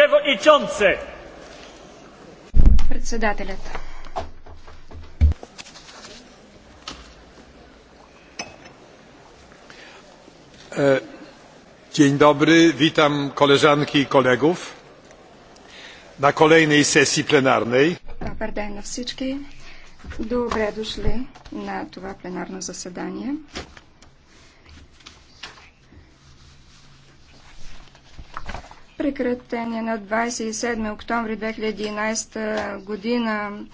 przewodniczący! Председателят. Dzień dobry, witam koleżanki i kolegów na kolejnej sesji plenarnej. Добър ден на всички. Добре дошли на това пленарно прекратение на 27 октомври 2011 година